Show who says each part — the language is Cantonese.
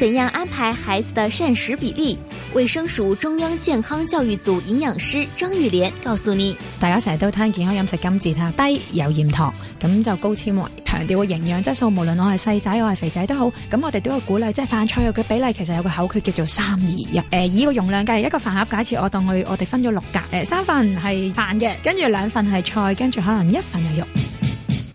Speaker 1: 怎樣安排孩子的膳食比例？衛生署中央健康教育組營養師張玉蓮告訴你：大家成日都聽健康飲食金字塔，低油鹽糖，咁就高纖維，強調個營養質素。無論我係細仔，我係肥仔都好，咁我哋都要鼓勵，即係飯菜肉嘅比例，其實有個口訣叫做三二一。誒、呃，以個容量計，一個飯盒假設我當佢，我哋分咗六格，誒、呃，三份係飯嘅，跟住兩份係菜，跟住可能一份係肉。